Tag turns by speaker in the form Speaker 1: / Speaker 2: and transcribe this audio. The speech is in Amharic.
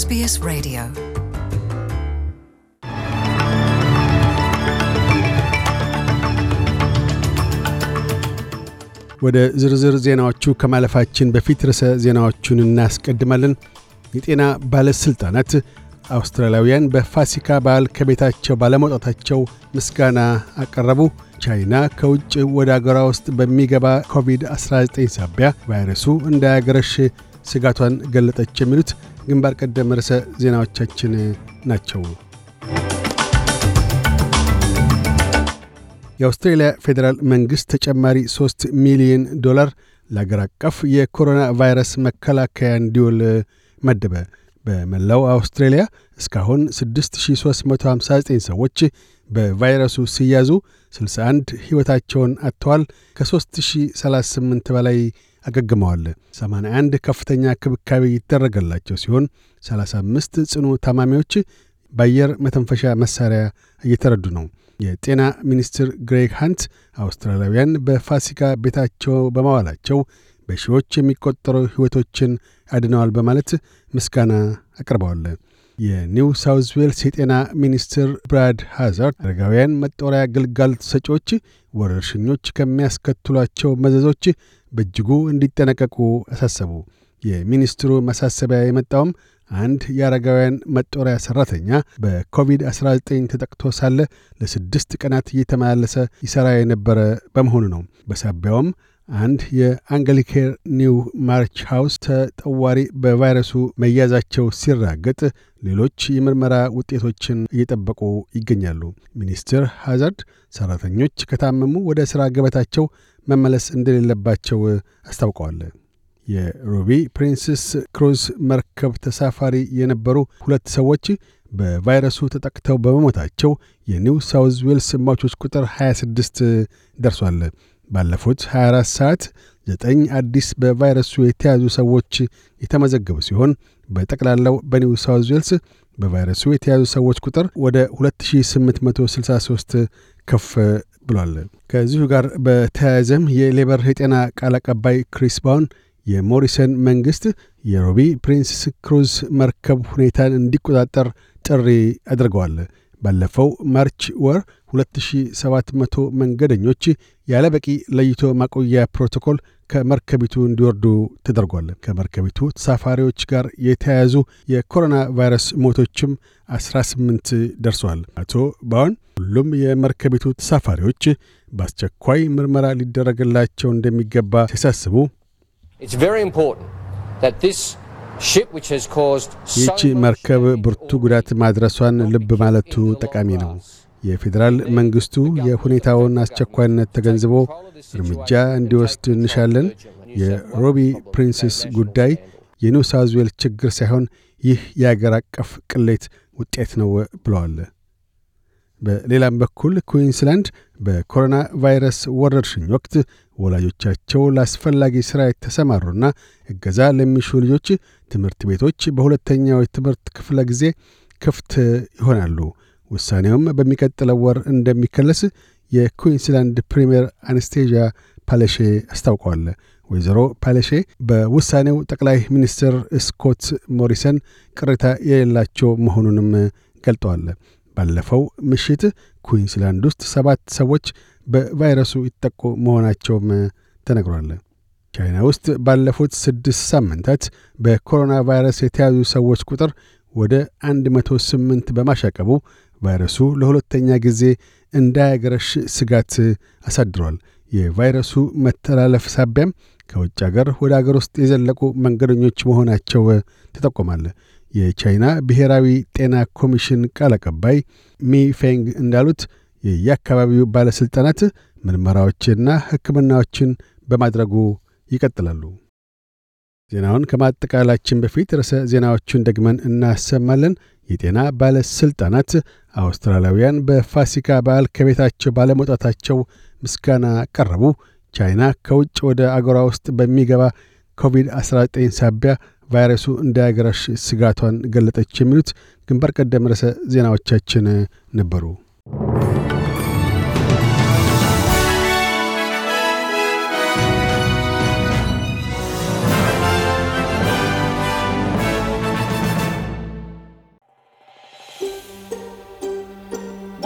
Speaker 1: SBS Radio. ወደ ዝርዝር ዜናዎቹ ከማለፋችን በፊት ርዕሰ ዜናዎቹን እናስቀድማለን። የጤና ባለሥልጣናት አውስትራሊያውያን በፋሲካ በዓል ከቤታቸው ባለመውጣታቸው ምስጋና አቀረቡ። ቻይና ከውጭ ወደ አገሯ ውስጥ በሚገባ ኮቪድ-19 ሳቢያ ቫይረሱ እንዳያገረሽ ስጋቷን ገለጠች። የሚሉት ግንባር ቀደም ርዕሰ ዜናዎቻችን ናቸው። የአውስትሬልያ ፌዴራል መንግሥት ተጨማሪ 3 ሚሊዮን ዶላር ለአገር አቀፍ የኮሮና ቫይረስ መከላከያ እንዲውል መደበ። በመላው አውስትሬልያ እስካሁን 6359 ሰዎች በቫይረሱ ሲያዙ 61 ሕይወታቸውን አጥተዋል። ከ3038 በላይ አገግመዋል። 81 ከፍተኛ ክብካቤ ይደረገላቸው ሲሆን 35 ጽኑ ታማሚዎች በአየር መተንፈሻ መሳሪያ እየተረዱ ነው። የጤና ሚኒስትር ግሬግ ሃንት አውስትራሊያውያን በፋሲካ ቤታቸው በመዋላቸው በሺዎች የሚቆጠሩ ሕይወቶችን አድነዋል በማለት ምስጋና አቅርበዋል። የኒው ሳውዝ ዌልስ የጤና ሚኒስትር ብራድ ሃዛርድ አረጋውያን መጦሪያ ግልጋሎት ሰጪዎች ወረርሽኞች ከሚያስከትሏቸው መዘዞች በእጅጉ እንዲጠነቀቁ አሳሰቡ። የሚኒስትሩ ማሳሰቢያ የመጣውም አንድ የአረጋውያን መጦሪያ ሠራተኛ በኮቪድ-19 ተጠቅቶ ሳለ ለስድስት ቀናት እየተመላለሰ ይሠራ የነበረ በመሆኑ ነው። በሳቢያውም አንድ የአንግሊኬር ኒው ማርች ሃውስ ተጠዋሪ በቫይረሱ መያዛቸው ሲራገጥ ሌሎች የምርመራ ውጤቶችን እየጠበቁ ይገኛሉ። ሚኒስትር ሃዛርድ ሰራተኞች ከታመሙ ወደ ሥራ ገበታቸው መመለስ እንደሌለባቸው አስታውቀዋል። የሮቢ ፕሪንስስ ክሩዝ መርከብ ተሳፋሪ የነበሩ ሁለት ሰዎች በቫይረሱ ተጠቅተው በመሞታቸው የኒው ሳውዝ ዌልስ ሟቾች ቁጥር 26 ደርሷል። ባለፉት 24 ሰዓት ዘጠኝ አዲስ በቫይረሱ የተያዙ ሰዎች የተመዘገቡ ሲሆን በጠቅላላው በኒው ሳውዝ ዌልስ በቫይረሱ የተያዙ ሰዎች ቁጥር ወደ 2863 ከፍ ብሏል። ከዚሁ ጋር በተያያዘም የሌበር የጤና ቃል አቀባይ ክሪስ ባውን የሞሪሰን መንግሥት የሮቢ ፕሪንስ ክሩዝ መርከብ ሁኔታን እንዲቆጣጠር ጥሪ አድርገዋል። ባለፈው ማርች ወር 2700 መንገደኞች ያለ በቂ ለይቶ ማቆያ ፕሮቶኮል ከመርከቢቱ እንዲወርዱ ተደርጓል። ከመርከቢቱ ተሳፋሪዎች ጋር የተያያዙ የኮሮና ቫይረስ ሞቶችም 18 ደርሰዋል። አቶ ባውን ሁሉም የመርከቢቱ ተሳፋሪዎች በአስቸኳይ ምርመራ ሊደረግላቸው እንደሚገባ ሲያሳስቡ ይህቺ መርከብ ብርቱ ጉዳት ማድረሷን ልብ ማለቱ ጠቃሚ ነው። የፌዴራል መንግስቱ የሁኔታውን አስቸኳይነት ተገንዝቦ እርምጃ እንዲወስድ እንሻለን። የሮቢ ፕሪንስስ ጉዳይ የኒው ችግር ሳይሆን ይህ የአገር አቀፍ ቅሌት ውጤት ነው ብለዋል። በሌላም በኩል ኩዊንስላንድ በኮሮና ቫይረስ ወረርሽኝ ወቅት ወላጆቻቸው ለአስፈላጊ ሥራ የተሰማሩና እገዛ ለሚሹ ልጆች ትምህርት ቤቶች በሁለተኛው የትምህርት ክፍለ ጊዜ ክፍት ይሆናሉ። ውሳኔውም በሚቀጥለው ወር እንደሚከለስ የኩዊንስላንድ ፕሪምየር አነስቴዣ ፓለሼ አስታውቀዋል። ወይዘሮ ፓለሼ በውሳኔው ጠቅላይ ሚኒስትር ስኮት ሞሪሰን ቅሬታ የሌላቸው መሆኑንም ገልጠዋል። ባለፈው ምሽት ኩዊንስላንድ ውስጥ ሰባት ሰዎች በቫይረሱ ይጠቁ መሆናቸውም ተነግሯል። ቻይና ውስጥ ባለፉት ስድስት ሳምንታት በኮሮና ቫይረስ የተያዙ ሰዎች ቁጥር ወደ 108 በማሻቀቡ ቫይረሱ ለሁለተኛ ጊዜ እንዳያገረሽ ስጋት አሳድሯል። የቫይረሱ መተላለፍ ሳቢያም ከውጭ አገር ወደ አገር ውስጥ የዘለቁ መንገደኞች መሆናቸው ተጠቆማል። የቻይና ብሔራዊ ጤና ኮሚሽን ቃል አቀባይ ሚፌንግ እንዳሉት የየአካባቢው ባለሥልጣናት ምርመራዎችንና ሕክምናዎችን በማድረጉ ይቀጥላሉ። ዜናውን ከማጠቃላችን በፊት ርዕሰ ዜናዎቹን ደግመን እናሰማለን። የጤና ባለሥልጣናት አውስትራሊያውያን በፋሲካ በዓል ከቤታቸው ባለመውጣታቸው ምስጋና ቀረቡ። ቻይና ከውጭ ወደ አገሯ ውስጥ በሚገባ ኮቪድ-19 ሳቢያ ቫይረሱ እንዳያገረሽ ስጋቷን ገለጠች። የሚሉት ግንባር ቀደም ርዕሰ ዜናዎቻችን ነበሩ።